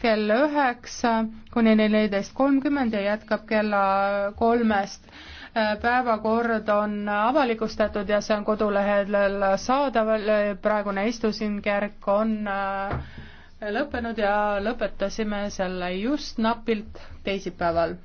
kell üheksa kuni neliteist kolmkümmend ja jätkab kella kolmest. päevakord on avalikustatud ja see on kodulehel saadaval, praegune istusingärk on äh, lõppenud ja lõpetasime selle just napilt teisipäeval.